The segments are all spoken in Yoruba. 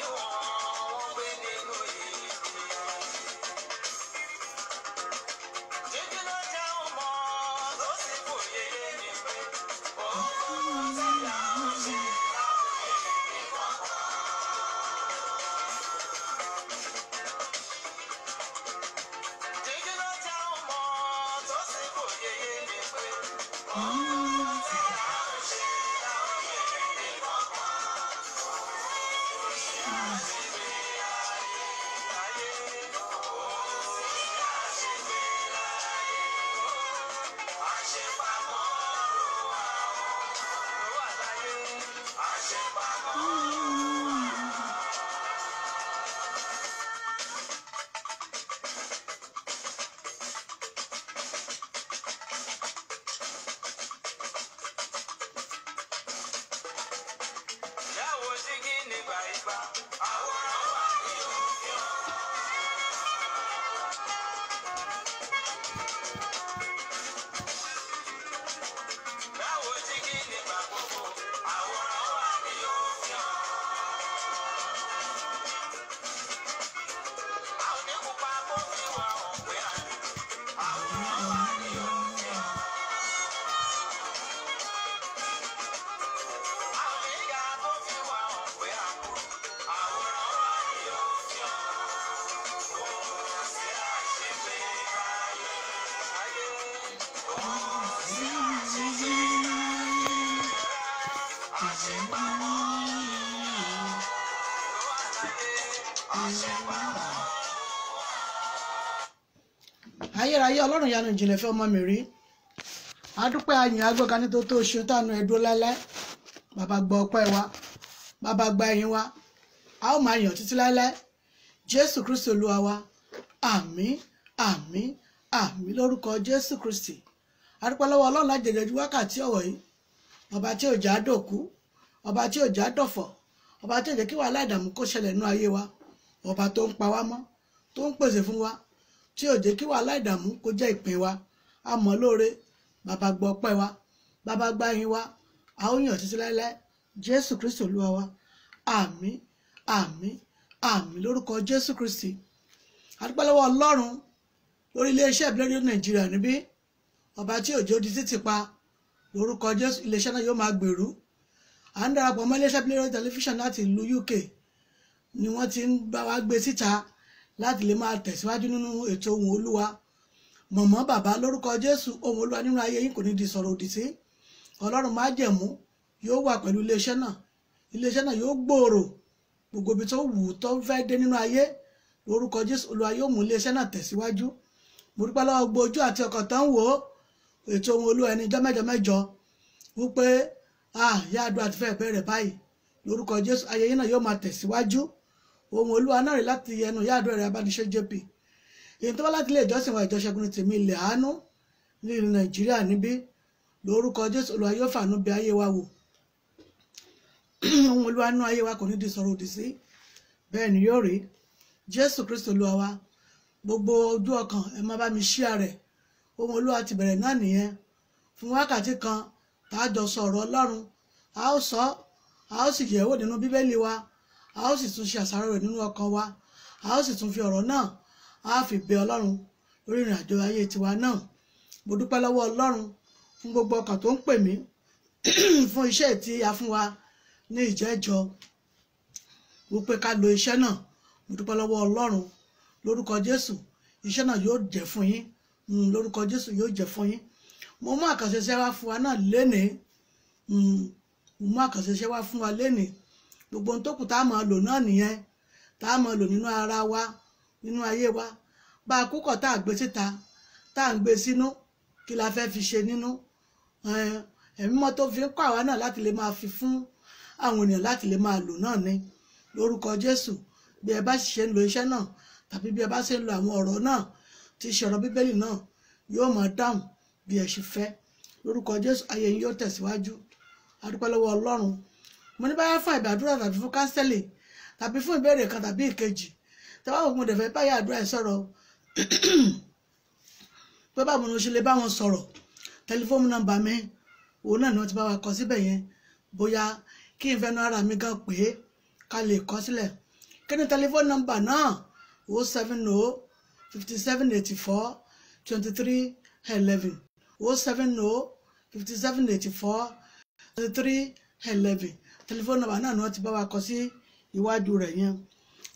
you ayé ọlọ́run yanu ìjìnlẹ̀ fẹ́ ọmọ mi rí adúpẹ́ ayìn agbọ́ga nítorí tó ṣe tánu ẹ̀dúró láéláé bàbá gba ọpẹ́ wa bàbá gba ẹ̀yìn wa a ó máa yàn títí láéláé jésù kristi olúwa wa àmín àmín àmín lórúkọ jésù kristi adúpẹ́ lọ́wọ́ ọlọ́run lájẹ̀dẹ̀jú wákàtí ọ̀wọ̀ yìí ọba tí òjá dòkú ọba tí òjá dọ̀fọ̀ ọba tí òjá kí wàhálà ìdààmú kó ṣẹlẹ̀ nú ayé wa ọba tó ń pa wá mọ́ tó ń pèsè fún wa tí ò jẹ́ kí wàhálà ìdààmú kó jẹ́ ìpín wa a mọ̀ lóore bàbá gbọ́ ọpẹ́ wa bàbá gbà yín wa a ó yàn títí láéláé jésù kristi olúwa wa àmín àmín àmín lórúkọ jésù kristi adúpẹ́lọ́wọ́ ọlọ́run lórí iléeṣẹ́ ìbílẹ̀ rédíò nàìjíríà níbí ọba tí òjò di títì pa lórúkọ jésù iléeṣẹ́ náà yóò máa gbèrú à ń darapọ̀ mọ́ iléeṣẹ́ ìbílẹ̀ rédíò tẹlifíṣàn láti ìlú uk ni wọ́n ti ń bá wa gbé síta. Si láti lè máa tẹ̀síwájú nínú ètò ohun olúwa mọ̀mọ́ bàbá lórúkọ jésù ohun olúwa nínú ayé yín kò ní di sọ̀rọ̀ òdì sí ọlọ́run májẹ̀mú yóò wà pẹ̀lú iléeṣẹ́ náà iléeṣẹ́ náà yóò gbòòrò gbogbo ibi tó wù ú tó fẹ́ dé nínú ayé lórúkọ jésù olúwa yóò mú iléeṣẹ́ náà tẹ̀síwájú mo dúpẹ́ lọ́wọ́ gbogbo ojú àti ọkàn tán wò ó ètò ohun olúwa ẹni jọ́ mẹ́jọ wípé ah yáa dùn àti fẹ́ẹ̀ pẹ́ rẹ̀ báyìí lórúkọ jésù ayẹyẹ náà yóò máa tẹ̀síwájú ohun olúwa náà rí láti ẹnu ìyá àdúrà rẹ abániṣe jp èyí tó bá láti ilé ìjọsìn wa ìjọ Ṣẹ́gun tèmi ilẹ̀ àánú ní ìlú nàìjíríà níbí lórúkọ jésù olúwa yóò fàánú bí ayé wa wò ohun olúwa nú ayé wa kò ní di sọ̀rọ̀ òdì sí bẹ́ẹ̀ ni yóò rí jésù kristu olúwa wa gbogbo ojú ọkàn ẹ má bá mi ṣíà rẹ̀ ohun olúwa ti bẹ̀rẹ̀ náà nìyẹn fún wákàtí kan tá a jọ sọ ọ̀rọ̀ ọlọ́run a ó sọ a ó sì yẹ̀wò nínú bíbélì wa a ó sì tún ṣe àṣàrò rẹ̀ nínú ọkàn wa a ó sì tún fi ọ̀rọ̀ náà a fi bẹ ọlọ́run lórí ìrìn àjò ayé tiwa náà mo dúpẹ́ lọ́wọ́ ọlọ́run fún gbogbo ọkàn tó ń pè mí fún iṣẹ́ tí a fún wa ní ìjẹ́jọ wípé ká lo iṣẹ́ náà mo dúpẹ́ lọ́wọ́ ọlọ́run lórúkọ jésù iṣẹ́ náà yóò jẹ́ fún yín hmm, lórúkọ jésù yóò jẹ́ fún yín mo mú àkànṣe iṣẹ́ wá fún wa náà lénìí hmm, mo mú àkànṣe iṣẹ́ wá fún wa lénìí gbogbo ohun tó kù tá a máa lò náà nìyẹn tá a lò nínú ara wa nínú ayé wa bá a kúkọ̀ tá a gbé síta tá a gbé sínú kí la fẹ́ fi ṣe nínú ẹ̀mí mọ́ tó fi ń kọ́ àwa náà láti lè máa fi fún àwọn ènìyàn láti lè máa lò náà ni lórúkọ Jésù bí ẹ bá sì ṣe ń lo iṣẹ́ náà tàbí bí ẹ bá ṣe ń lo àwọn ọ̀rọ̀ náà tí ṣe ọ̀rọ̀ bíbélì náà yóò máa dáhùn bí ẹ ṣe fẹ́ lórúkọ Jésù ayé yín yóò tẹ̀síwájú a lọ́wọ́ Ọlọ́run mo ní báyà fún ìgbàdúrà tàbí fún counseling tàbí fún ìbéèrè kan tàbí ìkejì tẹ́wọ́ àwọn ọmọdé fẹ́ báyà àdúrà ẹ̀ sọ̀rọ̀ pé báwo ni mo ṣe lè bá wọn sọ̀rọ̀ tẹlifóònù nọ́mbà mi òun náà ni wọ́n ti bá wa kọ síbẹ̀ yẹn bóyá kí n fẹ́nu ara mi gan pé ká lè kọ sílẹ̀ kí ni tẹlifóònù nọ́mbà náà o oh seven o oh fifty seven eighty four twenty three eleven o oh seven o fifty seven eighty four twenty three eleven tẹlifóònù nọ́mbà náà ni wọ́n ti bá wa kọ sí iwájú rẹ̀ yẹn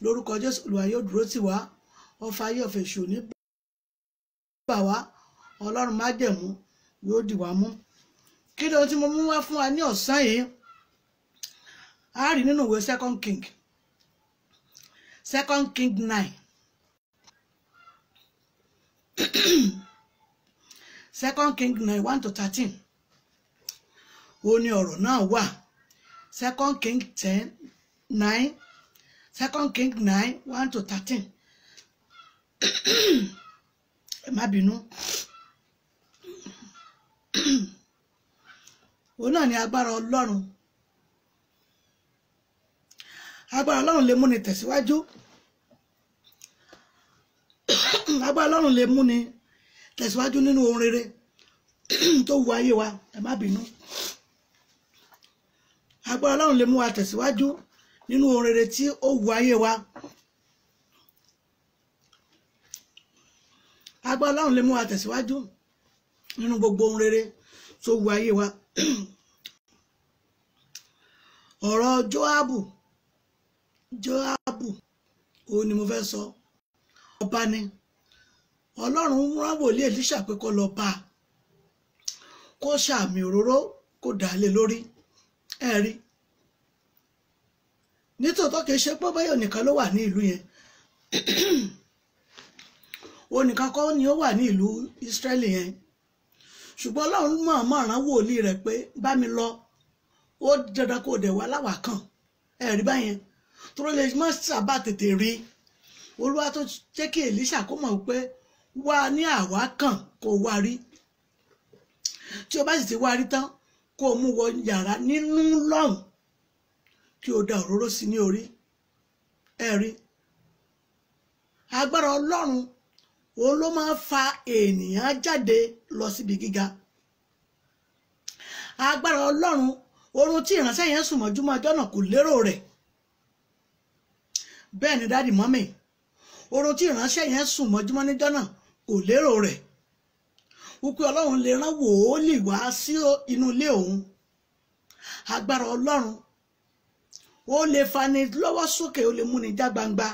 lórúkọ jésù olúwa yóò dúró tì wá ọfà ayé ọ̀fẹ́ ìṣù ní bà wá ọlọ́run má jẹ̀mú yóò dì wá mú kí ni ohun mo mú wá fún wa ní ọ̀sán yìí a rí nínú ìwé second king second king nine second king nine one to thirteen ó ní ọ̀rọ̀ náà wà second king ten nine second king nine one to thirteen ẹ má bínú òun náà ni agbára ọlọ́run agbára ọlọ́run lè múni tẹ̀síwájú agbára ọlọ́run lè múni tẹ̀síwájú nínú ohun rere tó wu ayé wa ẹ má bínú agbára ọlọ́run lè mú wa tẹ̀síwájú nínú ohun rere tí ó wu ayé wa agbára ọlọ́run lè mú wa tẹ̀síwájú nínú gbogbo ohun rere tó wu ayé wa ọ̀rọ̀ Jóábù Jóábù òun ni mo fẹ́ sọ ọba ni ọlọ́run rán wòlíì Èlíṣà pé kó lọ bá a kó ṣàmì òróró kó dà lórí ẹ rí nítòótọ́ kìí ṣe pé báyọ̀ nìkan ló wà ní ìlú yẹn onìkan kọ́ ni ó wà ní ìlú Ísírẹ́lì yẹn ṣùgbọ́n Ọlọ́run mọ̀ọ́mọ̀ rán wòlíì rẹ̀ pé bá mi lọ ó dandan kó dẹ̀ wá láwàá kan ẹ rí báyẹn tó lè má sábà tètè rí olúwa tó jẹ́ kí Èlíṣà kó mọ̀ pé wá ní àwa kan kò wá rí tí o bá sì ti wá rí tán kó o mú wọ yàrá nínú lọ́hùn kí o da òróró sí ní orí ẹ̀rí agbára ọlọ́run òun ló máa ń fa ènìyàn jáde lọ síbi gíga agbára ọlọ́run oorun tí ìránṣẹ́ yẹn sùn mọ́júmọ́ ọjọ́ náà kò lérò rẹ̀ bẹ́ẹ̀ ni dáàdì mọ́mì oorun tí ìránṣẹ́ yẹn sùn mọ́júmọ́ níjọ́ náà kò lérò rẹ̀ wípé ọlọ́run lè rán wòólì wá sí inú ilé òun agbára ọlọ́run ó lè fani lọ́wọ́ sókè ó lè múni já gbangba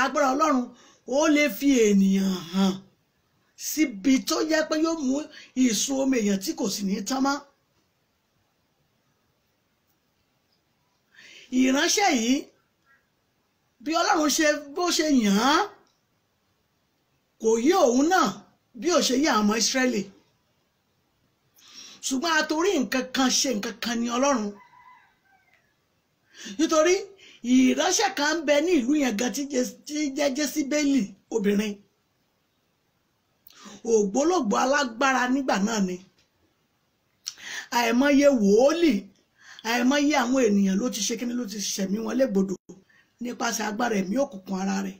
agbára ọlọ́run ó lè fi ènìyàn hàn síbi tó yẹ pé yóò mú ìsun omi èèyàn tí kò sì ní tán mọ́. ìránṣẹ́ yìí bí ọlọ́run ṣe bó ṣe yàn án kò yí òun náà bí ò ṣe yí àwọn ọmọ Ísírẹ́lì ṣùgbọ́n atorí nǹkan kan ṣe nǹkan kan ní Ọlọ́run nítorí ìránṣẹ́ kan ń bẹ ní ìlú yẹn gan tí jẹ́ Jésíbélì obìnrin ògbólógbò alágbára nígbà náà ni àìmọye wòólì àìmọye àwọn ènìyàn ló ti ṣe kíni ló ti ṣẹ̀mí wọn légbodò nípasẹ̀ agbára ẹ̀mí òkùnkùn ara rẹ̀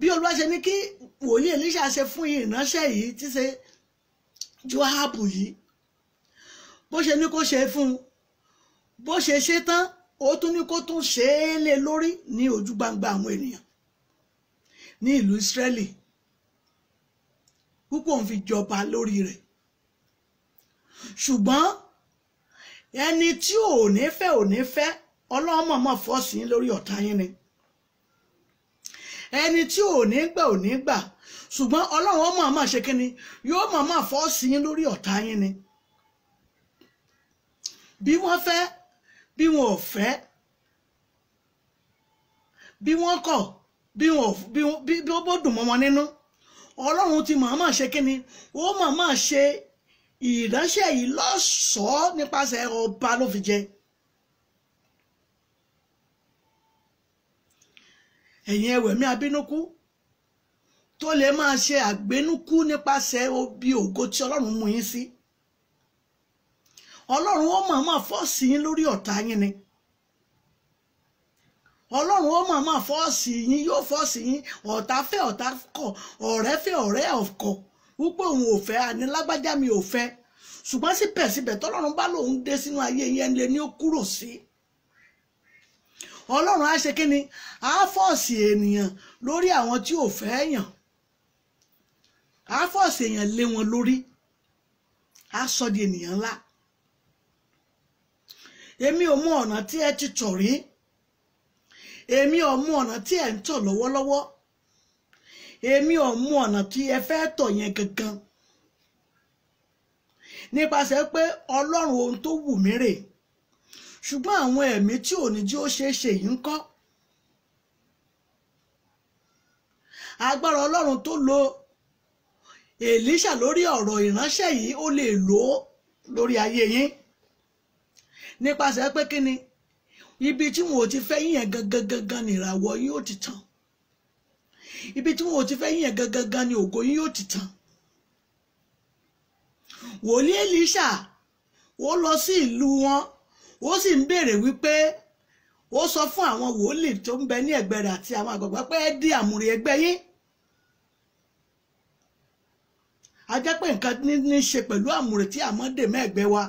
bí olúwa ṣe ní kí wòlíì Èlíṣà ṣe fún ìránṣẹ́ yìí tí ṣe Jóábù yìí bó ṣe ní kó ṣe fún un bó ṣe ṣe tán ó tún ní kó tún ṣe é lé lórí ní ojú gbangba àwọn ènìyàn ní ìlú Ísírẹ́lì púpọ̀ ń fi jọba lórí rẹ̀ ṣùgbọ́n ẹni tí ò ní fẹ́ ò ní fẹ́ ọlọ́mọ̀ọ́mọ̀ fọ́ sí lórí ọ̀tá yín ni ẹni tí ò ní gbà ò ní gbà ṣùgbọ́n ọlọ́run ọmọ àmọ́ ṣe kínni yóò mọ̀ mọ́ fọ́ọ̀sì yín lórí ọ̀tá yín ni bí wọ́n fẹ́ bí wọn ò fẹ́ bí wọ́n kọ̀ bí wọn ò bí ó bó dùn mọ́ wọn nínú ọlọ́run ti mọ̀ mọ́ ṣe kínni ó mọ̀ mọ́ ṣe ìránṣẹ́ yìí lọ́sọ̀ọ́ nípasẹ̀ ọba ló fi jẹ́ ẹ̀yin ẹwẹ̀mí abínúkú tó lè máa ṣe àgbénúkú nípasẹ̀ obi ògo tí ọlọ́run mú yín sí ọlọ́run ó màmá fọ́ọ̀sì yín lórí ọ̀tá yín ni ọlọ́run ó màmá fọ́ọ̀sì yín yóò fọ́ọ̀sì yín ọ̀tá fẹ́ ọ̀tá kọ̀ ọ̀rẹ́ fẹ́ ọ̀rẹ́ ọ̀kọ̀ wípé òun ò fẹ́ àní lágbájá mi ò fẹ́ ṣùgbọ́n síbẹ̀síbẹ̀ tọ́lọ́run bá lòun dé sínú ayé yẹn lè ní ó kúrò sí i ọlọ́run á ṣe kíni á fọ̀ọ̀sì ènìyàn lórí àwọn tí ò fẹ́ yàn á fọ̀ọ̀sì èèyàn lé wọn lórí á sọ di ènìyàn ńlá èmi ò mọ ọ̀nà tí ẹ ti tọ̀ rí èmi ò mọ ọ̀nà tí ẹ ń tọ̀ lọ́wọ́lọ́wọ́ èmi ò mọ ọ̀nà tí ẹ fẹ́ tọ̀ yẹn gangan nípasẹ̀ pé ọlọ́run ohun tó wù mí rèé ṣùgbọ́n àwọn ẹ̀mí tí ò ní jí ó ṣeé ṣe yìí ń kọ́ agbára ọlọ́run tó lo Èlíṣà lórí ọ̀rọ̀ ìránṣẹ́ yìí ó lè lò ó lórí ayé yín nípasẹ̀ pé kí ni ibi tí wọn ò ti fẹ́ yíyan gangan gangan ni ìràwọ̀ yín ó ti tàn ibi tí wọn ò ti fẹ́ yíyan gangan gangan ni ògo yín ó ti tàn wòlíì Èlíṣà ó lọ sí ìlú wọn ó sì ń béèrè wípé ó sọ fún àwọn wòlíì tó ń bẹ ní ẹ̀gbẹ́ rẹ̀ àti àwọn àgbàgbà pé ẹ dí àmúre ẹgbẹ́ yín a jẹ́ pé nǹkan ní ṣe pẹ̀lú àmúre tí àmọ́ dè mẹ́ẹ̀gbẹ́ wa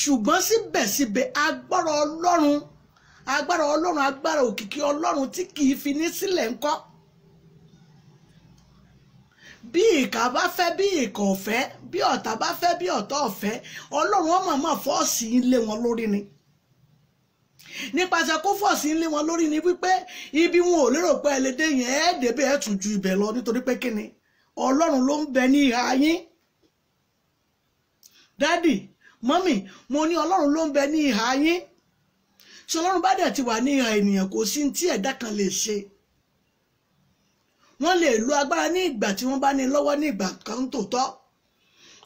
ṣùgbọ́n síbẹ̀síbẹ̀ agbára ọlọ́run agbára ọlọ́run agbára òkìkí ọlọ́run tí kì í fi ní sílẹ̀ ńkọ́. Si bí ìkà bá fẹ́ bí ìkà ọ̀fẹ́ bí ọ̀tá bá fẹ́ bí ọ̀tá ọ̀fẹ́ ọlọ́run ọmọ máa fọ́ọ̀sì ilé wọn lórí ni nípasẹ̀ kó fọ́ọ̀sì ilé wọn lórí ni wípé ibi wọn ò lérò pé ẹlẹ́dẹ́ yẹn ẹ́ débẹ̀ ẹ̀ tún ju ibẹ̀ lọ nítorí pé kíni ọlọ́run ló ń bẹ ní ìhà yín dádì mọ́mì mo ní ọlọ́run ló ń bẹ ní ìhà yín ṣọlọ́run bá dẹ̀ ti wà ní ìhà ènìyàn kò sí ní ẹ̀dá kan lè ṣe wọ́n lè lo agbára ní ìgbà tí wọ́n bá ní lọ́wọ́ ní ìgbà kan tòótọ́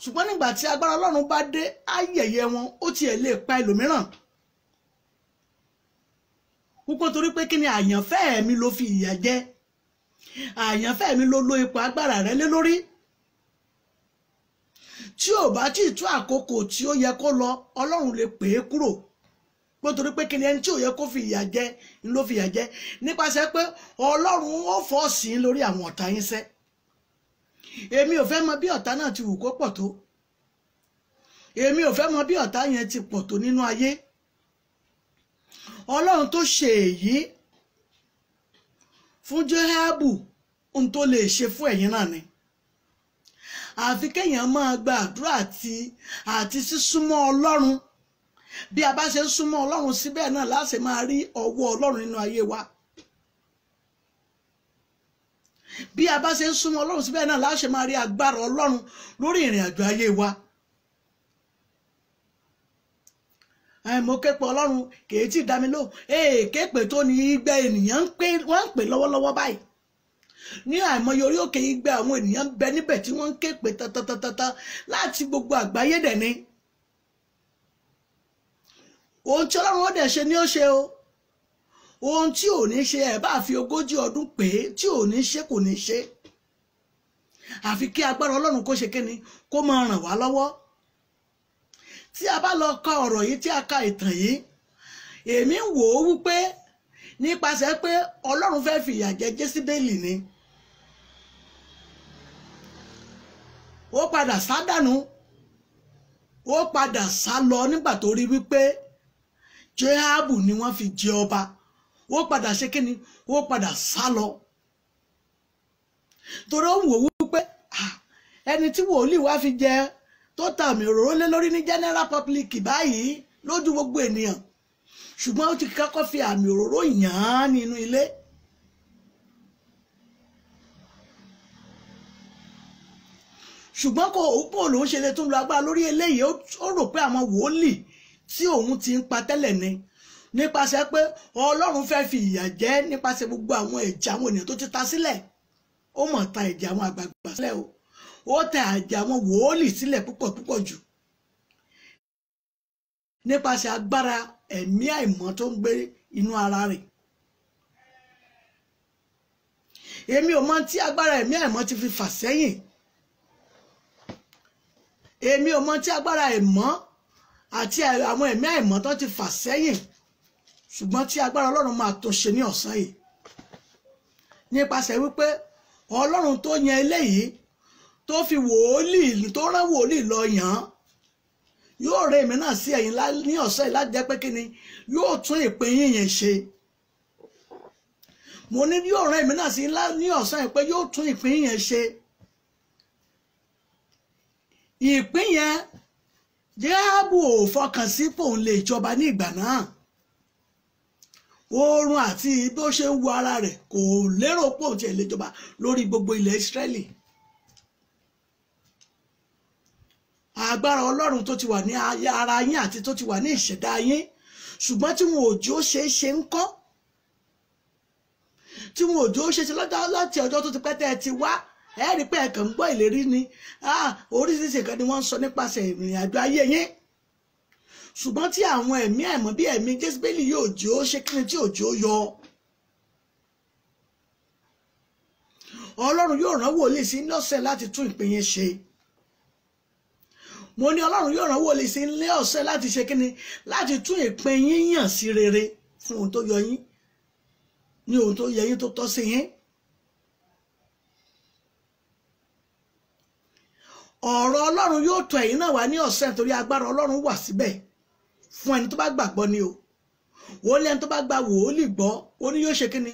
ṣùgbọ́n nígbà tí agbára ọlọ́run bá dé ayẹyẹ wọn ó tiẹ̀ lè pa ẹlòmíràn púpọ̀ torí pé kí ni àyànfẹ́ mi ló fi ìyà jẹ àyànfẹ́ mi ló lo ipò agbára rẹ lé lórí tí ò bá tí tú àkókò tí ó yẹ kó lọ ọlọ́run lè pè é kúrò nítorí pé kìnìún tí ò yẹ kó fi ìyà jẹ ló fi ìyà jẹ nípasẹ̀ pé ọlọ́run ó fọ́ sí lórí àwọn yín èmi bí náà ti wù kó tó bí yẹn ti nínú ayé ọlọ́run tó ṣe èyí fún ohun tó lè ṣe fún àti àti ọlọ́run bí a bá ṣe ń súnmọ́ ọlọ́run síbẹ̀ náà láṣẹ máa rí ọwọ́ ọlọ́run nínú ayé wa bí a bá ṣe ń súnmọ́ ọlọ́run síbẹ̀ náà láṣẹ máa rí agbára ọlọ́run lórí ìrìn àjò ayé wa mo képe ọlọ́run kèé tí dá mi lò ee képe tó ní igbe ènìyàn ń pè wọ́n ń pè lọ́wọ́lọ́wọ́ báyìí ní àìmọye orí òkè igbe àwọn ènìyàn ń bẹ níbẹ̀ tí wọ́n ń képe tatatata láti gbogbo àgbáyé dẹ̀ ni ohun tí ọlọ́run ó dẹ̀ ṣe ni ó ṣe o ohun tí ò ní ṣe ẹ̀ bá fi ogójì ọdún pé tí ò ní ṣe kò ní ṣe àfi kí agbára ọlọ́run kó ṣe kíni kó máa ràn wá lọ́wọ́ tí a bá lọ ka ọ̀rọ̀ yìí tí a ka ìtàn yìí èmi ń wò ó wípé nípasẹ̀ pé ọlọ́run fẹ́ fìyà jẹ jésíbélì ni ó padà sá dànù ó padà sá lọ nígbà tó rí wípé joabu ni wọ́n fi jẹ ọba wọ́n padà ṣe kíni wọ́n padà sá lọ torí ó wò ó pé ẹni tí wòlíì wá fi jẹ tó tàmì òróró lé lórí ní general public báyìí lójú gbogbo ènìyàn ṣùgbọ́n ó ti kọ́kọ́ fi àmì òróró yàn án nínú ilé. ṣùgbọ́n kò ó pò lòún ṣe lè tún lo agbára lórí eléyìí ó rò pé àwọn wòlíì tí òun ti ń pa tẹ́lẹ̀ ni nípasẹ̀ pé ọlọ́run fẹ́ fi ìyà jẹ nípasẹ̀ gbogbo àwọn ẹ̀jẹ̀ àwọn ènìyàn tó ti ta sílẹ̀ ó mọ̀ ta ẹ̀jẹ̀ àwọn àgbààgbà sílẹ̀ o ó ta ẹ̀jẹ̀ àwọn wòólì sílẹ̀ púpọ̀ púpọ̀ jù nípasẹ̀ agbára ẹ̀mí àìmọ́ tó ń gbé inú ara rẹ̀ èmi ò mọ tí agbára ẹ̀mí àìmọ́ ti fi fà sẹ́yìn èmi ò mọ tí agbára ẹ̀mọ́ àti àwọn ẹ̀mí àìmọ́tọ́ ti fà sẹ́yìn ṣùgbọ́n tí agbára ọlọ́run máa tó ṣe ní ọ̀sán yìí nípasẹ̀ wípé ọlọ́run tó yan eléyìí tó fi wòólì tó rán wòólì lọ yàn án yóò rẹ èmi náà sí ẹ̀yìn ní ọ̀sán yìí láti jẹ́ pé kíni yóò tún ìpín yìnyín ṣe mo ní yóò rẹ èmi náà sí ní ọ̀sán yìí pé yóò tún ìpín yìnyín ṣe ìpín yẹn Jeabu ò fọkàn sí pòun lè jọba ní ìgbà náà oorun àti bó ṣe ń wo ara rẹ̀ kò lérò pòun tiẹ̀ lè jọba lórí gbogbo ilẹ̀ Ísírẹ́lì agbára Ọlọ́run tó ti wà ní ara yín àti tó ti wà ní ìṣẹ̀dá yín ṣùgbọ́n tí wọn ò jó ṣe é ṣe ń kọ́ tí wọn ò jó ṣe é ṣe láti ọjọ́ tó ti pẹ́ tẹ́ ẹ ti wá ẹ rí pé ẹ̀kàn ń gbọ́ ìlérí ni oríṣiríṣi kan ni wọ́n ń sọ nípasẹ̀ ìrìn àjò ayé yín ṣùgbọ́n tí àwọn ẹ̀mí àìmọ́ bí ẹ̀mí jésìbélì yóò jẹ́ ó ṣe kí ni tí òjò yọ ọlọ́run yóò rán wòlíì sí lọ́sẹ̀ láti tún ìpín yín ṣe mo ní ọlọ́run yóò rán wòlíì sí ilé ọ̀sẹ̀ láti ṣe kíni láti tún ìpín yín yàn sí rere fún ohun tó yọ yín ní ohun tó yẹ yín tó tọ́ sí yín. ọ̀rọ̀ ọlọ́run yóò tọ́ ẹ̀yin náà wá ní ọ̀sẹ̀ torí agbára ọlọ́run wà síbẹ̀ fún ẹni tó bá gbàgbọ́ ni o wòlíì ẹni tó bá gba wòlíì gbọ́ ó ní yóò ṣe kí ni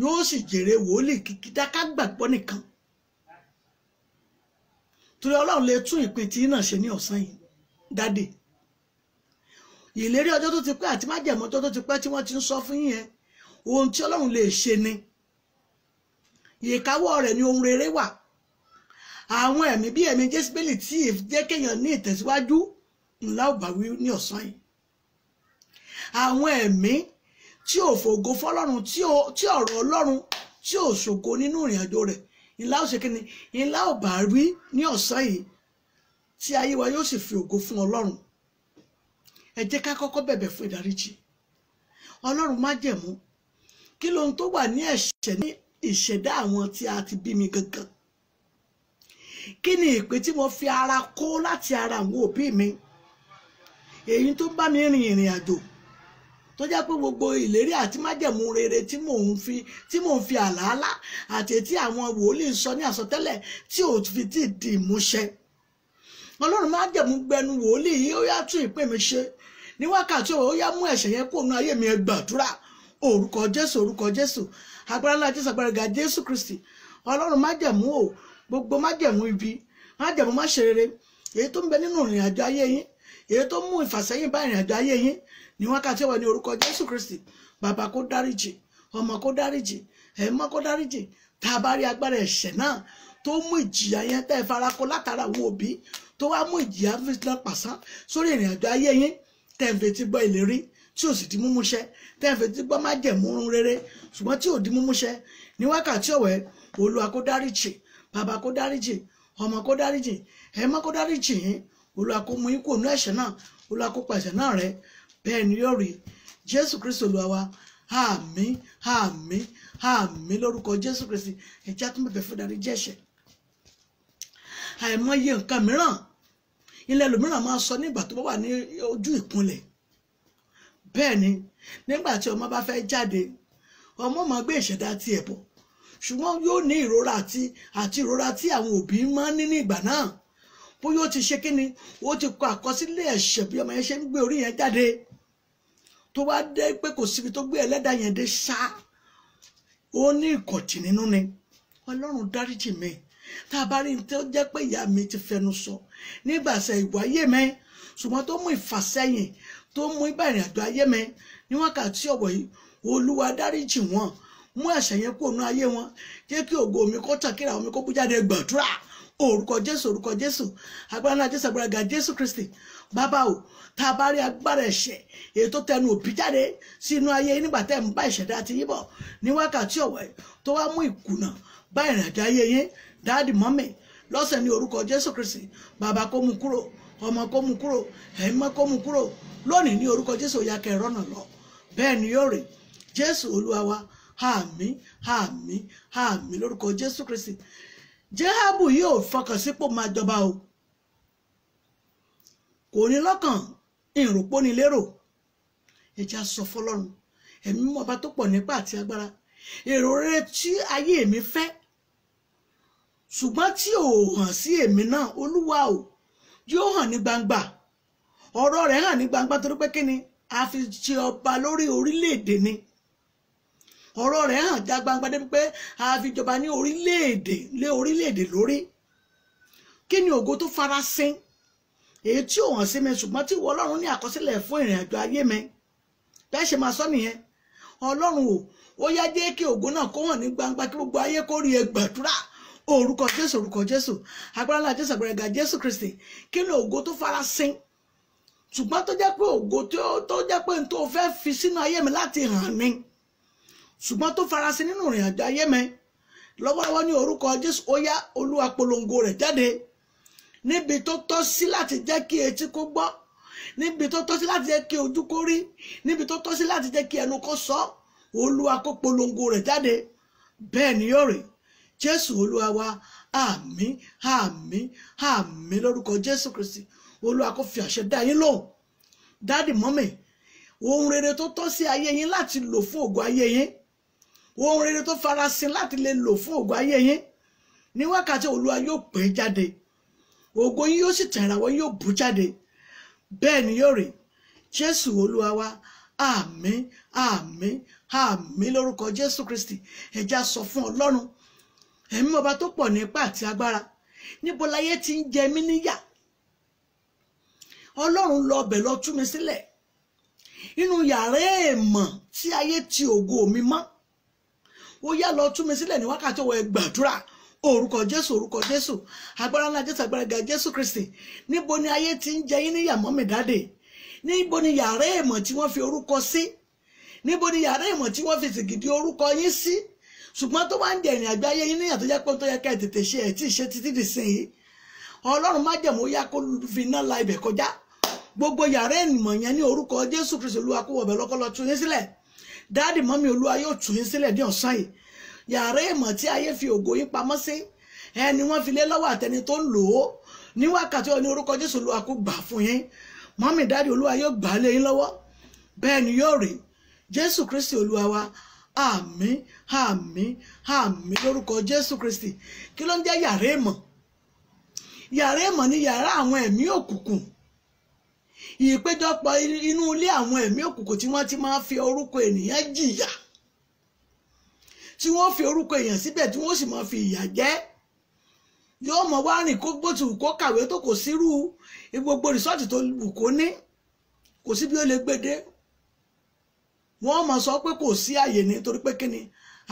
yóò sì jèrè wòlíì kìkìdá ká gbàgbọ́ nìkan torí ọlọ́run lè tún ìpín tí náà ṣe ní ọ̀sán yìí dáde ìlérí ọjọ́ tó ti pẹ́ àti májẹ̀mú ọjọ́ tó ti pẹ́ tí wọ́n ti ń sọ fún yín yẹn ohun tí ọlọ́run lè ṣe ni ìkáwọ́ rẹ̀ ni ohun rere wà àwọn ẹ̀mí bí ẹ̀mí jésìbélì tí jẹ́ kéèyàn ní ìtẹ̀síwájú ńlá ò bá wí ní ọ̀sán yìí àwọn ẹ̀mí tí ò fògo fọlọ́run tí ọ̀rọ̀ ọlọ́run tí ò ṣògo nínú ìrìn àjò rẹ̀ ńlá ò ṣe kí ni ńlá ò bá wí ní ọ̀sán yìí tí ayé wa yóò sì fi ògo fún ọlọ́run ẹ jẹ́ ká kọ́kọ́ bẹ̀bẹ̀ fún ìdáríjì ọlọ́run má jẹ̀mú kí lohun tó wà ní ẹ̀ṣẹ̀ ní ìṣẹ̀dá àwọn tí a ti bí mi gangan kí ni ìpè tí mo fi ara kó láti ara àwọn òbí mi èyí tó bá mi rìn ìrìn àjò tó jẹ́ pé gbogbo ìlérí àti májẹ̀mú rere tí mò ń fi tí mò ń fi àlàálá àti tí àwọn wòlíì sọ ní àsọtẹ́lẹ̀ tí ò fi tí di ìmúṣẹ ọlọ́run májẹ̀mú gbẹnu wòlíì yìí ó yá tún ìpè mi ṣe ní wákàtí ó yá mú ẹ̀ṣẹ̀ yẹn kúrò nínú ayé mi gbàdúrà orúkọ jésù orúkọ jésù agbára ńlá jésù agbára ga jésù kristi ọlọ́run májẹ̀mú o gbogbo májẹ̀mú ibi májẹ̀mú má ṣe rere èyí tó ń bẹ nínú ìrìn àjò ayé yín èyí tó mú ìfàsẹ́yìn bá ìrìn àjò ayé yín ní wákàtí ọ̀wọ̀ ní orúkọ Jésù Kristi bàbá kó dáríjì ọmọ kó dáríjì ẹ̀mọ́ kó dáríjì tá a bá rí agbára ẹ̀ṣẹ̀ náà tó mú ìjìyà yẹn tẹ́ ẹ farako látara àwọn òbí tó wá mú ìjìyà fìtìlá pàṣán sórí ìrìn àjò ayé yín tẹ́ ẹ fetí gbọ́ ìlérí tí ò sì di múmúṣẹ tẹ́ ẹ fetí gbọ́ májẹ̀mú rere ṣùgbọ́n tí ò di múmúṣẹ ní wákàtí ọ̀wẹ́ Olúwa kó dáríjì bàbá kó dáríjì ọmọ kó dáríjì ẹ má kó dáríjì yín Olúwa kó mú yín kúrò ní ẹ̀ṣẹ̀ náà Olúwa kó pa ẹ̀ṣẹ̀ náà rẹ́ bẹ́ẹ̀ ni yóò rí Jésù Kristi Olúwa wa àmín àmín àmín lórúkọ Jésù Kristi ẹ̀jẹ̀ á bẹ̀bẹ̀ fún dáríjì ẹ̀ṣẹ̀ àìmọye nǹkan mìíràn ilẹ̀ ẹlòmíràn máa sọ nígbà tó bá wà ní ojú ìkúnlẹ̀ bẹ́ẹ̀ ni nígbà tí ọmọ bá fẹ́ jáde ọmọ máa gbé ìṣẹ̀dá tiẹ̀ bọ̀ ṣùgbọ́n yóò ní ìrora àti àti ìrora tí àwọn òbí máa ń ní ní ìgbà náà bóyá ó ti ṣe kí ni ó ti kọ àkọsílẹ̀ ẹ̀ṣẹ̀ bí ọmọ yẹn ṣe ń gbé orí yẹn jáde tó wá dé pé kò síbi tó gbé ẹlẹ́dàá yẹn dé ṣá ó ní ìkọ̀tì nínú ni ọlọ́run dáríjì mi tá a bá rí tó jẹ́ pé ìyá mi ti fẹnu sọ nígbàsẹ̀ ìwáyé mi ṣùgbọ́n tó mú ìfàsẹ́yìn tó mú ìbàrìn àjò ayé mi ní wákàtí ọ̀wọ̀ yìí olúwa dáríjì wọn mú ẹ̀ṣẹ̀ yẹn kúrò ní ayé wọn jẹ́ kí ògo mi kó tàn kíra omi kó bú jáde gbàdúrà orúkọ jésù orúkọ jésù agbára náà jésù agbára ga jésù kristi bàbá o tá a bá rí agbára ẹ̀ṣẹ̀ èyí tó tẹnu òbí jáde sínú ayé nígbà tẹ́ ń bá ìṣẹ̀dá ti yíbọ ní wákàtí ọ̀wẹ́ tó wá mú ìkùnà bá ìrìnàjò ayé yín dáàdì mọ́mì lọ́sẹ̀ ní orúkọ jésù kristi bàbá kó mú kúrò ọmọ kó mú kúrò ẹ̀mọ́ kó mú kúrò lónìí ní orúkọ jésù ó rọ́nà lọ bẹ́ẹ̀ ni yóò rè jésù olúwa wa àmín àmín àmín lórúkọ jésù kristi jehabu yóò fọkàn sípò máa jọba o kò ní lọ́kàn ìrùpó ni lérò ẹja sọ fọ́lọ́run ẹ̀mí mọ ọba tó pọ̀ nípa àti agbára èrò rere tí ayé mi fẹ́ ṣùgbọ́n tí ò hàn sí èmi náà olúwa o yóò hàn ní gbangba ọ̀rọ̀ rẹ̀ hàn ní gbangba torí pé kí ni a fi ṣe ọba lórí orílẹ̀ ni ọ̀rọ̀ rẹ̀ hàn já gbangba débi pé àfijọba ní orílẹ̀-èdè lé orílẹ̀-èdè lórí kí ni ògo tó farasin èyí tí ò hàn sí mi ṣùgbọ́n tí ìwọ ọlọ́run ní àkọsílẹ̀ fún ìrìn àjò ayé mi bẹ́ẹ̀ ṣe máa sọ nìyẹn ọlọ́run o ó yá jẹ́ kí ògo náà kó hàn ní gbangba kí gbogbo ayé kó rí ẹ gbàdúrà orúkọ jésù orúkọ jésù agbára jésù àgbẹ̀rẹ̀gà jésù kristi kí ni ògo tó farasin ṣùgbọ́n tó jẹ́ pé ògo tó jẹ́ pé n tó fẹ́ fi sínú ayé mi láti hàn ni ṣùgbọ́n tó farasin nínú ìrìn àjò ayé mẹ́ lọ́wọ́lọ́wọ́ ní orúkọ jésù ó yá olúwa polongo rẹ̀ jáde níbi tó tọ́ sí láti jẹ́ kí etí kó gbọ́ níbi tó tọ́ sí láti jẹ́ kí ojú kó rí níbi tó tọ́ sí láti jẹ́ kí ẹnu kó sọ olúwa kó polongo rẹ̀ jáde bẹ́ẹ̀ ni yóò rí jésù olúwa wa àmín àmín àmín lórúkọ jésù kristi olúwa kó fi àṣẹ dá yín lò dáàdì mọ́mì ohun rere tó tọ́ sí ayé yín láti lò fún ògo ayé yín ohun rere tó farasin láti lè lò fún ògo ayé yín ní wákàtí olúwa yóò pè jáde ògo yín yóò sì tàn ìràwọ̀ yín yóò bú jáde bẹ́ẹ̀ ni yóò rí jésù olúwa wa àmín àmín àmín lórúkọ jésù kristi ẹ jẹ́ á sọ fún ọlọ́run ẹ̀mí ọba tó pọ̀ ní ipá àti agbára níbo láyé ti ń jẹ mí níyà ọlọ́run lọ ọbẹ̀ lọ tú mi sílẹ̀ inú yàrá èèmọ̀ tí ayé ti ògo mi mọ́ ó yá lọ tú mi sílẹ̀ ní wákàtí ọwọ́ ẹ gbàdúrà orúkọ jésù orúkọ jésù agbára ńlá jésù agbára ga jésù kristi níbo ni ayé ti ń jẹ yín ní yàmọ́ mi dáde níbo ni yàrá ìmọ̀ tí wọ́n fi orúkọ sí níbo ni yàrá ìmọ̀ tí wọ́n fi sìgìdì orúkọ yín sí ṣùgbọ́n tó bá ń dẹ̀rìn àgbé ayé yín níyà tó jẹ́ pé tó yẹ ká ẹ̀ tètè ṣe ẹ̀ tí ì ṣe títí dì sí yìí ọlọ́run má jẹ̀mú yá kó fi iná la ibẹ̀ kọjá gbogbo yàrá ìmọ̀ yẹn ní orúkọ jésù kristi olúwa kó wọ̀bẹ̀ lọ́kọ́lọ́ tún sílẹ̀ dáàdì mọ́mí olúwa yóò tù yín sílẹ̀ ní ọ̀sán yìí yàrá ìmọ̀ tí ayé fi ògo yín pamọ́ sí ẹni wọ́n fi lé lọ́wọ́ àtẹni tó ń lò ó ní wákàtí ọ̀ní orúkọ jésù olúwa kó gbà fún yín mọ́mí dáàdì olúwa yóò gbà lé yín lọ́wọ́ bẹ́ẹ̀ ni yóò rí jésù kristi olúwa wa àmín àmín àmín lórúkọ jésù kristi kí ló ń jẹ́ yàrá ìmọ̀ yàrá ìmọ̀ ni yàrá àwọn ẹ̀mí òkùnkùn ìpéjọpọ̀ inú ilé àwọn ẹ̀mí òkùnkùn tí wọ́n ti máa fi orúkọ ènìyàn jìyà tí wọ́n fi orúkọ èèyàn síbẹ̀ tí wọ́n sì máa fi ìyà jẹ́ yóò mọ̀ wá rìn kó gbòtù kó kàwé tó kò sírú gbogbo rìsọ́ọ̀tì tó wù kó ní kò sí bí ó lè gbédé wọ́n mọ̀ sọ pé kò sí àyè ní torí pé kíni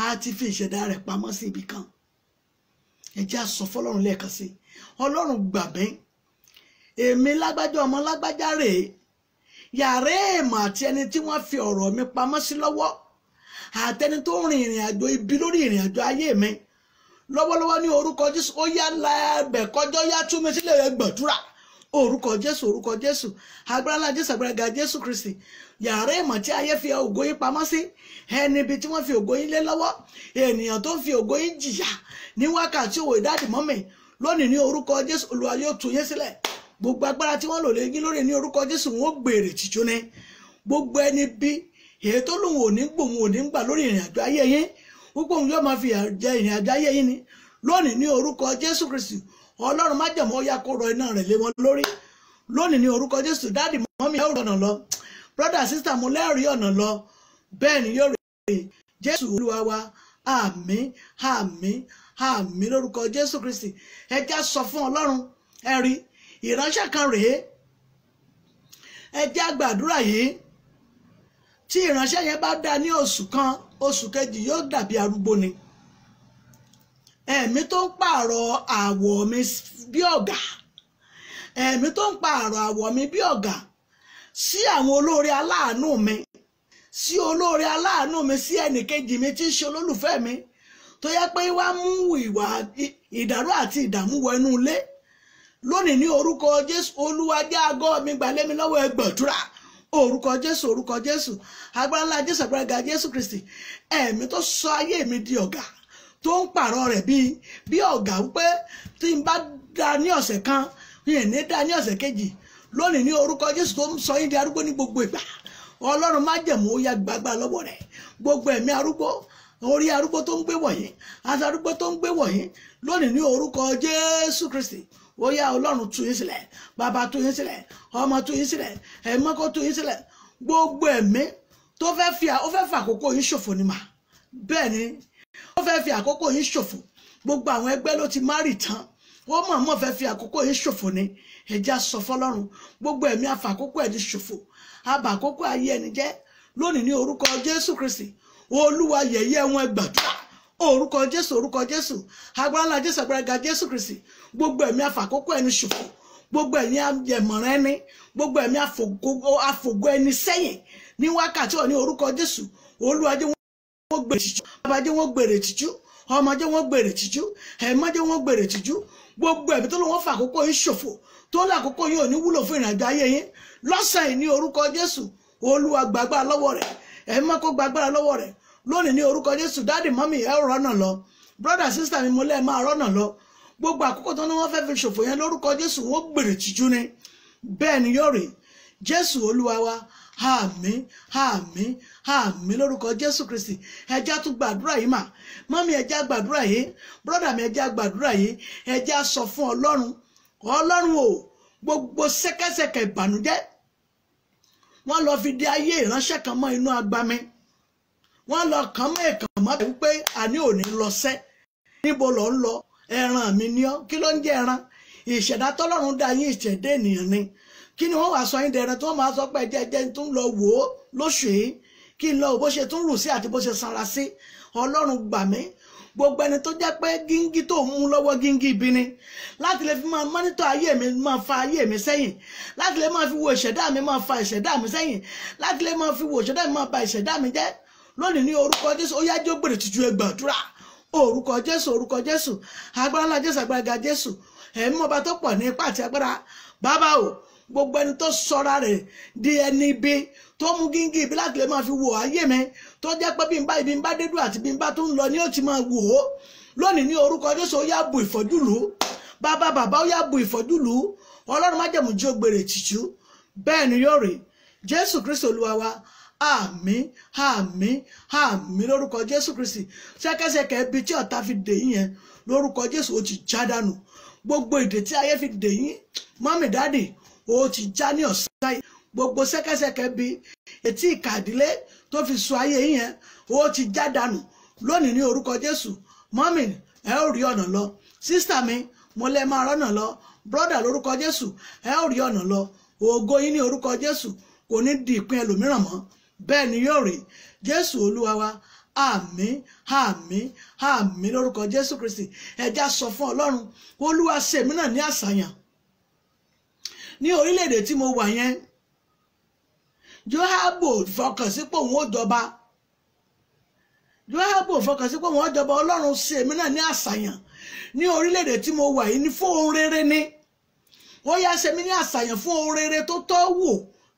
a ti fi ìṣẹ̀dá rẹ̀ pamọ́ sí ibì kan ẹ jẹ́ á fọlọ́run lẹ́ẹ̀kan sí ọlọ́run gbàgbẹ́ èmi lágbájá ọmọ lágbájá rèé yàrá èèmọ̀ àti ẹni tí wọ́n fi ọ̀rọ̀ mi pamọ́ sí lọ́wọ́ àtẹni tó rin ìrìn àjò ibi lórí ìrìn àjò ayé mi lọ́wọ́lọ́wọ́ ní orúkọ jésù ó yá la ẹ̀bẹ̀ kọjọ́ yá tú mi sílẹ̀ gbàdúrà orúkọ jésù orúkọ jésù agbára jésù agbára ga jésù kristi yàrá ìmọ̀ tí ayé fi ògo yín pamọ́ sí ẹni ibi tí wọ́n fi ògo yín lé lọ́wọ́ ènìyàn tó fi ògo yín jìyà ní wákàtí òwò ìdádìmọ́mì lónìí ní orúkọ jésù olúwa yóò yín sílẹ̀ gbogbo agbára tí wọ́n lò lé yín lórí ní orúkọ jésù wọn ó gbèrè tìjú ni gbogbo ẹni bí èyí tó lòun ò ní gbòun ò ní gbà lórí ìrìn àjò ayé yín wípé òun yóò máa fi jẹ ìrìn àjò ayé yín ni lónìí ní orúkọ jésù kristi ọlọ́run májẹ̀mú ya kó rọ iná rẹ̀ lé wọn lórí lónìí ní orúkọ jésù dáàdì mọ́mí ẹ̀ ọ̀nà lọ brọ́dà sísà mo lẹ́rìí ọ̀nà lọ bẹ́ẹ̀ ni yóò rè jésù olúwa wa àmín àmín àmín lórúkọ jésù kristi ẹ já sọ fún ọlọ́run ẹ rí ìránṣẹ́ kan rèé ẹ jẹ́ a gbàdúrà yìí tí ìránṣẹ́ yẹn bá dá ní oṣù kan oṣù kejì yóò dàbí arúgbó ni ẹ̀mí tó ń pààrọ̀ àwọ̀ mi bí ọ̀gà ẹ̀mí tó ń pààrọ̀ àwọ̀ mi bí ọ̀gà sí àwọn olóore aláàánú mi sí olóore aláàánú mi sí ẹnìkejì mi tí ń ṣe olólùfẹ́ mi tó yẹ pé wá mú ìwà ìdàrú àti ìdààmú wọ inú ilé lónìí ní orúkọ jésù olúwa jẹ́ àgọ́ mi gbàlémi lọ́wọ́ ẹgbọ̀dúrà orúkọ jésù orúkọ jésù agbára ńlá jésù agbára ga jésù kristi ẹ̀mí tó sọ ayé mi di ọ̀gá tó ń pààrọ̀ rẹ̀ bíi bí ọ̀gá wípé tí n bá da ní ọ̀sẹ̀ kan mi ì ní da ní ọ̀sẹ̀ kejì lónìí ní orúkọ jésù tó ń sọ yín di arúgbó ní gbogbo ìgbà ọlọ́run má jẹ̀mú ó yá gbàgbà lọ́wọ́ rẹ̀ gbogbo ẹ̀mí arúgbó orí arúgbó tó ń gbé wọ̀nyí àti arúgbó tó ń gbé wọ̀nyí lónìí ní orúkọ jésù kristi ó yá ọlọ́run tú yín sílẹ̀ bàbá tú yín sílẹ̀ ọmọ tú yín sílẹ̀ ẹ̀mọ́ kó tú yín sílẹ̀ gbogbo ẹ̀mí tó fẹ́ fi ó fẹ́ fi àkókò yín ṣòfò ni mà bẹ́ẹ̀ ni ó fẹ́ fi àkókò yín ṣòfò gbogbo àwọn ẹgbẹ́ ló ti márì tán ó mọ̀ọ́mọ̀ fẹ́ fi àkókò yín ṣòfò ni ẹ̀já sọ fọlọ́run gbogbo ẹ̀mí àfàkókò ẹni ṣòfò abàkókò ayé ẹni jẹ́ lónìí ní orúkọ jésù kristi olúwa yẹ̀yẹ́ wọn gbàdúrà orúkọ jésù orúkọ jésù agbára ńlá jésù agbára ga jésù kristi gbogbo ẹ̀mí àfàkókò ẹni ṣùkú gbogbo ẹ̀mí ẹ̀mọ̀ràn ẹni gbogbo ẹ̀mí àfògo ẹni sẹ́yìn ní wákàtí òní orúkọ Jésù olúwàjẹ́ wọn gbèrè tìjú babajẹ́ wọn gbèrè tìjú ọmọjẹ́ wọn gbèrè tìjú ẹ̀mọ́jẹ́ wọn gbèrè tìjú gbogbo ẹ̀mí tó ló wọ́n fàkókò yín ṣòfò tó lákòókò yín ò ní wúlò fún ìrìnàjò ayé yín lọ́sàn-án ní orúkọ Jésù olúwa gbàgbára lọ́wọ́ rẹ̀ ẹ̀mọ́ kó gbàgbára lọ́wọ́ rẹ̀ lónìí ní orúkọ Jésù dáàdì mọ́mì ẹ̀ rọ́nà lọ brọ́dà sísítà mi mo máa rọ́nà lọ gbogbo àkókò tó ní wọn fẹ́ fi ṣòfò yẹn lórúkọ jésù ó gbèrè tìjú ni bẹ́ẹ̀ ni yóò rí jésù olúwa wa àmín àmín àmín lórúkọ jésù kristi ẹjá tún gbàdúrà yìí mà mọ́mí ẹjá gbàdúrà yìí brọ́dà mi ẹjá gbàdúrà yìí ẹjá sọ fún ọlọ́run ọlọ́run o gbogbo ṣẹ̀kẹ̀ṣẹ̀kẹ̀ ìbànújẹ́ wọ́n lọ fi di ayé ìránṣẹ́ kan mọ́ inú agbami wọ́n lọ kàn mọ́ èkàn mọ́ bẹ́ẹ̀ wípé àní òní lọ sẹ́ níbo lọ ń lọ ẹran mi ni ọ́ kí ló ń jẹ́ ẹran ìṣẹ̀dá tọ́lọ́run dá yín ìṣẹ̀dá ènìyàn ni kí ni wọ́n wàá sọ yín dẹran tí wọ́n máa sọ pé ẹjẹ́ ẹjẹ́ tó ń lọ wò ó lóṣù yìí kí n lọ bó ṣe tún rù sí àti bó ṣe sanra sí ọlọ́run gbà mí gbogbo ẹni tó jẹ́ pé gíngí tó mú lọ́wọ́ gíngí ibi ni láti lè fi máa mọ́nítọ̀ ayé mi máa fa ayé mi sẹ́yìn láti lè máa fi wo ìṣẹ̀dá mi máa fa ìṣẹ̀dá mi sẹ́yìn láti lè máa fi wo ìṣẹ̀dá mi máa ba ìṣẹ̀dá mi jẹ́ lónìí ní orúkọ Jésù ó yájú gbèrè tuntun ẹgbàdúrà orúkọ jésù orúkọ jésù agbára ńlá jésù agbára ga jésù ẹ̀mí ọba tó pọ̀ ní ipá àti agbára bàbá o gbogbo ẹni tó sọra rẹ̀ di ẹni ibi tó mú gíngì ibi láti lè máa fi wò ayé mi tó jẹ́ pé bí n bá ibi n bá dédú àti bí n bá tó ń lọ ni ó ti máa wò ó lónìí ní orúkọ jésù ó yá bu ìfọ́júlù bàbá bàbá ó yá bu ìfọ́júlù ọlọ́run májẹ̀mú jí ó gbèrè tìjú bẹ́ẹ̀ ni yóò rí jésù kristu olúwa wa àmín àmín àmín lórúkọ jésù kristi ṣẹ̀kẹ̀ṣẹ̀kẹ̀ ibi tí ọ̀tá fi dè yín yẹn lórúkọ jésù ó ti já dànù gbogbo ìdè tí ayé fi dè yín mọ́mì dáàdì ó ti já ní ọ̀sán yìí gbogbo ṣẹ̀kẹ̀ṣẹ̀kẹ̀ bi etí ìkàdílé tó fi so ayé yín yẹn ó ti já dànù lónìí ní orúkọ jésù mọ́mì ẹ ó rí ọ̀nà lọ sísítà mi mo lẹ máa rọ́nà lọ brọ́dà lórúkọ jésù ẹ ó rí ọ̀nà lọ ògo yín ní orúkọ jésù kò ní di ìpín ẹlòmíràn mọ́ ben ni jesu rí jésù olúwa wa lórúkọ jésù kristi ẹja sọ fún ọlọ́run olúwa ṣèmí náà ní àṣàyàn ní orílẹ̀-èdè tí mo wà yẹn joabo fọkàn sí pé òun ò jọba fọkàn sí ò ní àṣàyàn ní orílẹ̀ tí mo wà yìí ní fún ni ó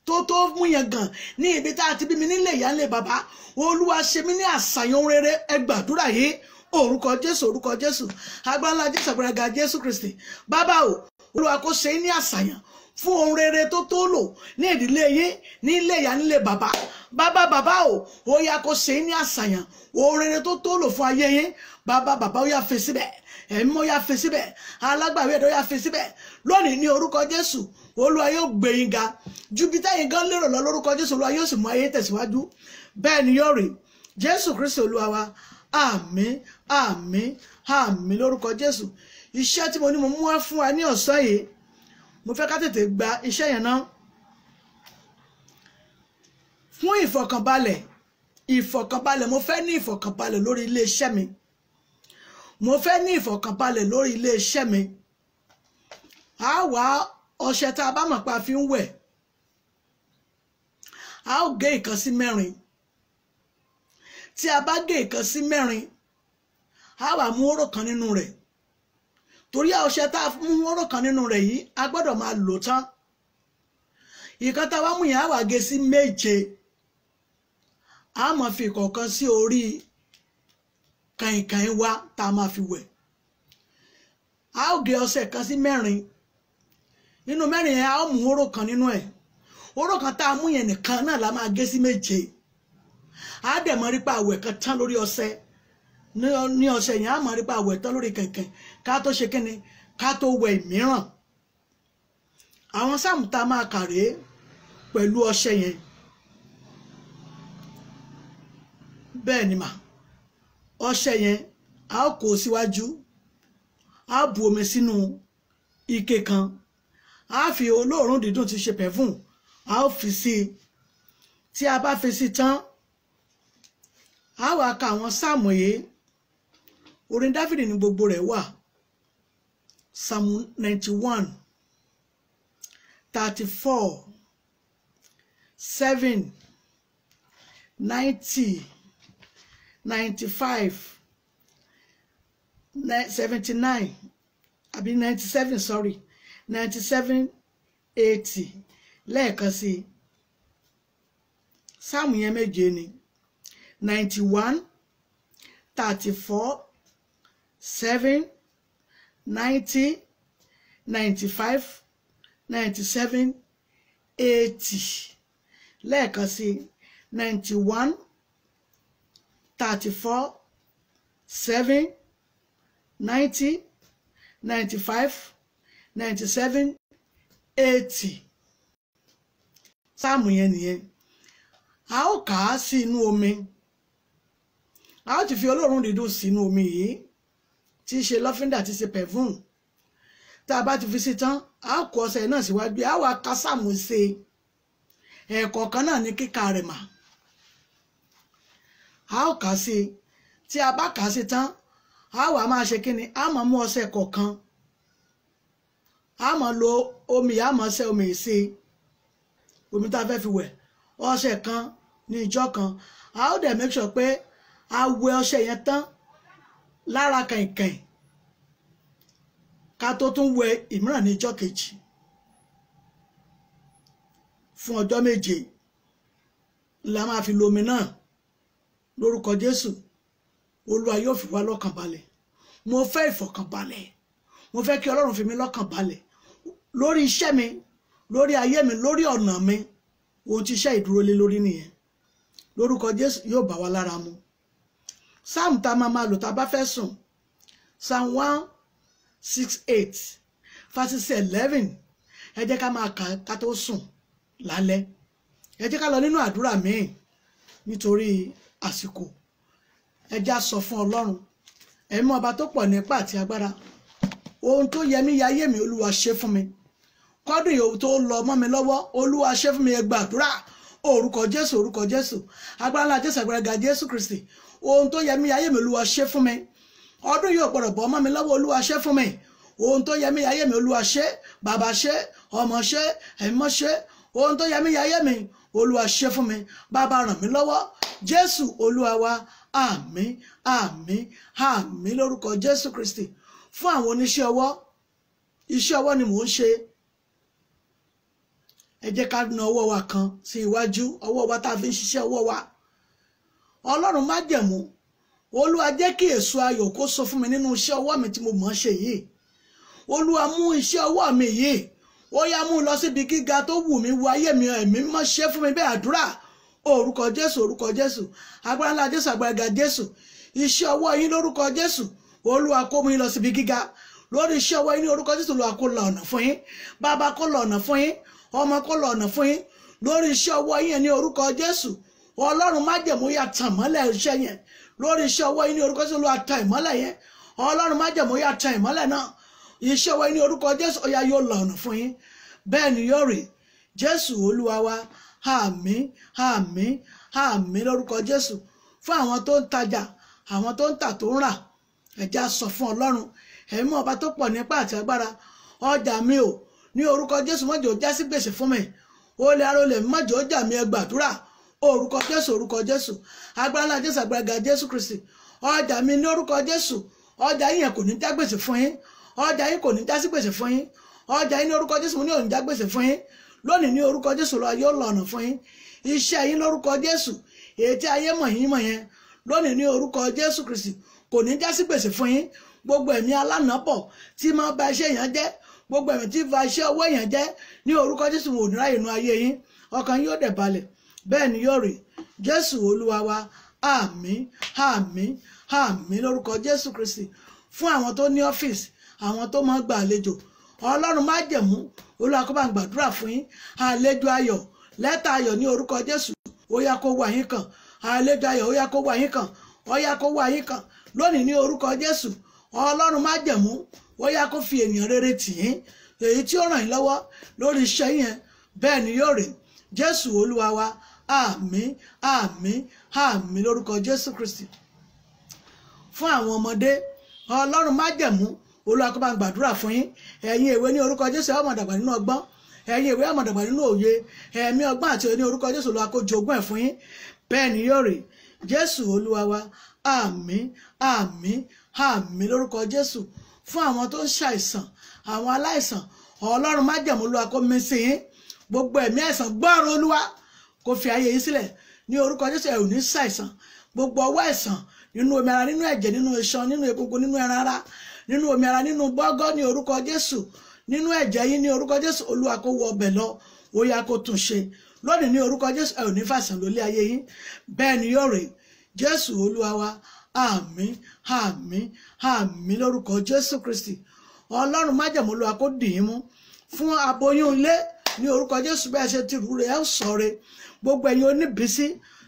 tó tó mú yẹn gàn ní ibi tá a ti bí mi nílé ìyá nílé bàbá olúwa ṣe mí ní àṣàyàn ohun rere ẹ gbàdúrà yìí orúkọ jésù orúkọ jésù agbára jésù àgbàràga jésù kristi bàbá o olúwa kò ṣe é ní àṣàyàn fún ohun rere tó tó lò ní ìdílé yín ní ilé ìyá nílé bàbá bàbá bàbá o ó yá kó ṣe é ní àṣàyàn ohun rere tó tó lò fún ayé yín bàbá bàbá ó yá fi síbẹ̀ ẹ̀mí ó yá fi síbẹ̀ alágbàwí ẹ̀dọ́ yá fi síbẹ̀ lónìí ní orúkọ jésù olúwa yóò gbé yín ga ju bí táyìn gan lérò lọ lórúkọ jésù olúwa yóò sì mú ayé tẹ̀síwájú bẹ́ẹ̀ ni yóò rí jésù kristi olúwa wa àmín àmín àmín lórúkọ jésù iṣẹ́ tí mo ní mo mú wá fún wa ní ọ̀sán yìí mo fẹ́ ká tètè gba iṣẹ́ yẹn náà fún ìfọ̀kànbalẹ̀ ìfọ̀kànbalẹ̀ mo fẹ́ ní ìfọ̀kànbalẹ̀ lórí iléeṣẹ́ mi mo fẹ́ ní ìfọ̀kànbalẹ̀ lórí iléeṣẹ́ mi àá wàá ọṣẹ tá a bá mọ̀ pa fi ń wẹ̀ a ó gé ìkan sí mẹ́rin tí a bá gé ìkan sí mẹ́rin a wà mú oró kan nínú rẹ̀ torí ọṣẹ tá a mú oró kan nínú rẹ̀ yìí a gbọ́dọ̀ máa lò tán ìkan tá a wá mú yẹn a wà gé sí méje a máa fi kọ̀ọ̀kan sí orí kàìnkàìn wa tá a máa fi wẹ̀ a ó gé ọṣẹ kan sí mẹ́rin nínú mẹ́rin yẹn a ó mú hóró kan nínú ẹ̀ hóró kan tá a mú yẹn nìkan náà la máa gé sí méje a dẹ̀ mọ́ rí pa àwẹ̀ kan tán lórí ọṣẹ ní ọṣẹ yẹn a mọ̀ rí pa àwẹ̀ tán lórí kẹ̀kẹ́ ká tó ṣe kíni ká tó wẹ̀ mìíràn àwọn sáàmù tá a máa kà rèé pẹ̀lú ọṣẹ yẹn bẹ́ẹ̀ ni mà ọṣẹ yẹn a ó síwájú a bu omi sínú ike kan a fi olóòórùn dídùn ti ṣe pẹ̀fún a ó fi sí i tí a bá fi sí i tán a wá ka àwọn sáàmù yìí orin dáfídì ní gbogbo rẹ̀ wà sáàmù ninety one thirty four seven ninety ninety five seventy nine àbí ninety seven sorry ninety seven eighty lẹ́ẹ̀kan sí sáàmù yẹn méje ni ninety one thirty four seven ninety ninety five ninety seven eighty lẹ́ẹ̀kan sí i ninety one thirty four seven ninety ninety five ninety-seven eighty sáàmù yẹn nìyẹn a ó kà á sí inú omi a ó ti fi olóòórùn dídùn sínú omi yìí tí í ṣe lọ́fíńdà tí í ṣe pẹ̀fúm tá a bá ti fi sí tán a ó kó ọṣẹ náà síwájú a ó wá ka sáàmù ṣe ẹ̀ẹ̀kọ̀ọ̀kan náà ní kíkà rẹ̀ mà a ó kà á sí tí a bá kà á sí tán a ó wá máa ṣe kí ni a máa mú ọṣẹ kọ̀ọ̀kan a máa lo omi a máa ṣe omi sí i omi tá a fẹ́ fi wẹ̀ ọṣẹ kan ní ìjọ kan a ó dẹ̀ make sure pé a wẹ ọṣẹ yẹn tán lára kàìnkàìn ká tó tún wẹ ìmíràn ní ìjọ kejì fún ọjọ́ méje la máa fi lomi náà lórúkọ Jésù Olúwa yóò fi wá lọ́kàn balẹ̀ mo fẹ́ ìfọ̀kànbalẹ̀ mo fẹ́ kí Ọlọ́run fi mí lọ́kàn balẹ̀ lórí iṣẹ́ mi lórí ayé mi lórí ọ̀nà mi ohun tí iṣẹ́ ìdúró lé lórí nìyẹn lórúkọ Jésù yóò bá wa lára mu sáàmù tá a máa máa lò tá a bá fẹ́ sùn psalm one six eight verse eleven ẹ jẹ́ ká máa kà ká tó sùn lálẹ́ ẹ jẹ́ ká lọ nínú àdúrà míì nítorí àsìkò ẹ já sọ fún Ọlọ́run ẹ mọ ọba tó pọ̀ nípa àti agbára ohun tó yẹ mí yayé mi Olúwa ṣe fún mi kọ́dún yòówù tó lọ mọ́ mi lọ́wọ́ olúwa ṣe fún mi ẹ gbàdúrà orúkọ jésù orúkọ jésù agbára ńlá jésù àgbàlagbà jésù kristi ohun tó yẹ mí ayé mi olúwa ṣe fún mi ọdún yóò gbọdọ̀ bọ́ mọ́ mi lọ́wọ́ olúwa ṣe fún mi ohun tó yẹ mí ayé mi olúwa ṣe bàbá ṣe ọmọ ṣe ẹ̀mọ́ ṣe ohun tó yẹ mí ayé mi olúwa ṣe fún mi bàbá ràn mí lọ́wọ́ jésù olúwa wa àmín àmín àmín lórúkọ jésù kristi fún àwọn oníṣẹ́ ọwọ́ iṣẹ́ ọwọ́ ni mò ń ṣe ẹ ká na ọwọ́ wa kan sí iwájú ọwọ́ wa tá a fi ń ṣiṣẹ́ ọwọ́ wa ọlọ́run má jẹ̀mú olúwa jẹ́ kí èso ayọ̀ kó sọ fún mi nínú iṣẹ́ ọwọ́ mi tí mo mọ̀ ọ́n ṣe yìí olúwa mú iṣẹ́ ọwọ́ mi yìí ó yá mú lọ síbi gíga tó wù mí wo ayé mi ẹ̀mí mọ́ ṣe fún mi bẹ́ẹ̀ àdúrà orúkọ jésù orúkọ jésù agbára ńlá jésù agbára ga jésù iṣẹ́ ọwọ́ yín lórúkọ jésù olúwa kó mú lọ síbi gíga lórí iṣẹ́ ọwọ́ yín ní orúkọ jésù olúwa kó la ọ̀nà fún yín bàbá kó la ọ̀nà fún yín ọmọ kó lọ ọ̀nà fún yín lórí iṣẹ́ ọwọ́ yín ní orúkọ jésù ọlọ́run májẹ̀mú yà tàn mọ́lẹ̀ iṣẹ́ yẹn lórí iṣẹ́ ọwọ́ yín ní orúkọ jésù olúwa tàn ìmọ́lẹ̀ yẹn ọlọ́run májẹ̀mú yà tàn ìmọ́lẹ̀ náà iṣẹ́ ọwọ́ yín ní orúkọ jésù ọ̀yà yóò lọ ọ̀nà fún yín bẹ́ẹ̀ ni yóò rí jésù olúwa wa àmín àmín àmín lórúkọ jésù fún àwọn tó ń tajà àwọn tó ń tà tó ń rà ẹ̀já sọ fún ọlọ́run ẹ̀mí ọba tó pọ̀ nípa àti agbára ọjà mi o ní orúkọ jésù mọ́jọ́ já sí gbèsè fún mi olè arólẹ̀ mọ́jọ́ jà mí ẹ gbàdúrà orúkọ jésù orúkọ jésù agbára jésù agbára jésù kristi ọjà mi ní orúkọ jésù ọjà yìí yẹn kò ní já gbèsè fún yín ọjà yìí kò ní já sí gbèsè fún yín ọjà yìí ní orúkọ jésù mo ní òní já gbèsè fún yín lónìí ní orúkọ jésù lọ yóò lọ́nà fún yín iṣẹ́ yín lórúkọ jésù ètí ayé mọ̀ yín mọ̀ yẹn lónìí ní orúkọ jésù kristi kò ní já sí gbèsè fún yín gbogbo ẹ̀mí alánàbọ̀ tí máa bà iṣẹ́ yẹn jẹ́ gbogbo ẹ̀mí tí fa iṣẹ́ owó èèyàn jẹ́ ní orúkọ jésù wò ní ráyè ayé yín ọkàn yóò dẹ̀ balẹ̀ bẹ́ẹ̀ ni yóò rí jésù olúwa wa àmín àmín àmín lórúkọ jésù kristi fún àwọn tó ní ọ́fíìsì àwọn tó máa gba àlejò ọlọ́run má jẹ̀mú olúwa kó bá ń gbàdúrà fún yín àlejò ayọ̀ lẹ́tà ayọ̀ ní orúkọ jésù ó yá kó wá yín kàn àlejò ayọ̀ ó yá kó wá yín kàn ó yá kó wá yín kàn lónìí ní orúkọ jésù ọlọ́run má jẹ̀mú bóyá kó fi ènìyàn rere tì yín èyí tí ó ràn yín lọ́wọ́ lórí iṣẹ́ yẹn bẹ́ẹ̀ ni yóò rè jésù olúwa wa àmín àmín àmín lórúkọ jésù kristi fún àwọn ọmọdé ọlọ́run májẹ̀mú olúwa kó bá ń gbàdúrà fún yín ẹ̀yin èwe ní orúkọ jésù ọmọ dàgbà nínú ọgbọ́n ẹ̀yin ìwé àmọ̀dàgbà nínú òye ẹ̀mí ọgbọ́n àti òní orúkọ jésù olúwa kó jogún ẹ̀ fún yín bẹ́ẹ̀ ni yóò rè jésù olúwa wa àmín àmín àmín lórúkọ jésù fún àwọn tó ń ṣàìsàn àwọn aláìsàn ọlọ́run májẹ̀mú olúwa kó mi sí yín gbogbo ẹ̀mí àìsàn gbọ́ọ̀rọ̀ olúwa kó fi ayé yín sílẹ̀ ní orúkọ jésù ẹ̀ ò ní ṣàìsàn gbogbo ọwọ́ àìsàn nínú omi ara nínú ẹ̀jẹ̀ nínú iṣan nínú egungun nínú ẹran ara nínú omi ara nínú bọ́gọ́ ní orúkọ jésù nínú ẹ̀jẹ̀ yín ní orúkọ jésù olúwa kó wọ ọbẹ̀ lọ ó yá kó tún ṣe lónìí ní orúkọ jésù ẹ ní fàṣàn lólé ayé yín bẹ́ẹ̀ ni yóò rè jésù olúwa wa àmín àmín àmín lórúkọ jésù kristi ọlọ́run májẹ̀mú olúwa kó dì í mú fún aboyún ilé ní orúkọ jésù bẹ́ẹ̀ ṣe ti rú rẹ̀ ẹ́ sọ̀rẹ̀ gbogbo ẹ̀yin oníbísí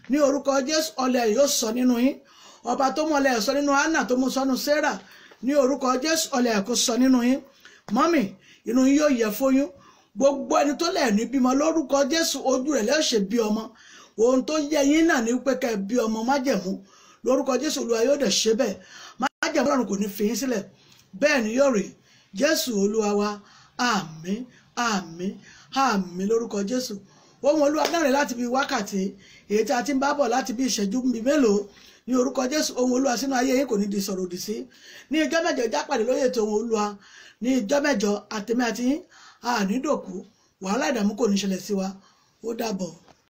ní orúkọ jésù ọlẹ̀ yóò sọ nínú yín ọba tó mú ọlẹ̀ sọ nínú anna tó mú sọnù sarah ní orúkọ jésù ọlẹ̀ kó sọ nínú yín mọ́mì inú yín yóò yẹ fóyún gbogbo ẹni tó lẹ̀ ní bímọ lórúkọ jésù ojú rẹ̀ lẹ́sẹ̀ bí ọmọ ohun tó yẹ yín náà ní pé bí ọmọ májẹ̀mú lórúkọ jésù olúwa yóò dẹ̀ ṣe bẹ́ẹ̀ májẹ̀mú ọlọ́run kò ní fi yín sílẹ̀ bẹ́ẹ̀ ni yóò rí jésù olúwa wa àmín àmín àmín lórúkọ jésù ohun olúwa náà rẹ láti bí wákàtí èyí tí a ti ń bá bọ̀ láti bí ìṣẹ́jú bíi mélòó ní orúkọ jésù ohun olúwa sínú ayé yìí kò ní di sọ̀rọ̀ òdì sí ní ìjọ mẹ́jọ ìjà lóye ètò ohun olúwa ní ìjọ mẹ́jọ àtẹmí àti ànídòkú wàhálà ìdààmú kò ní ṣẹlẹ̀ sí wa ó dàbọ̀.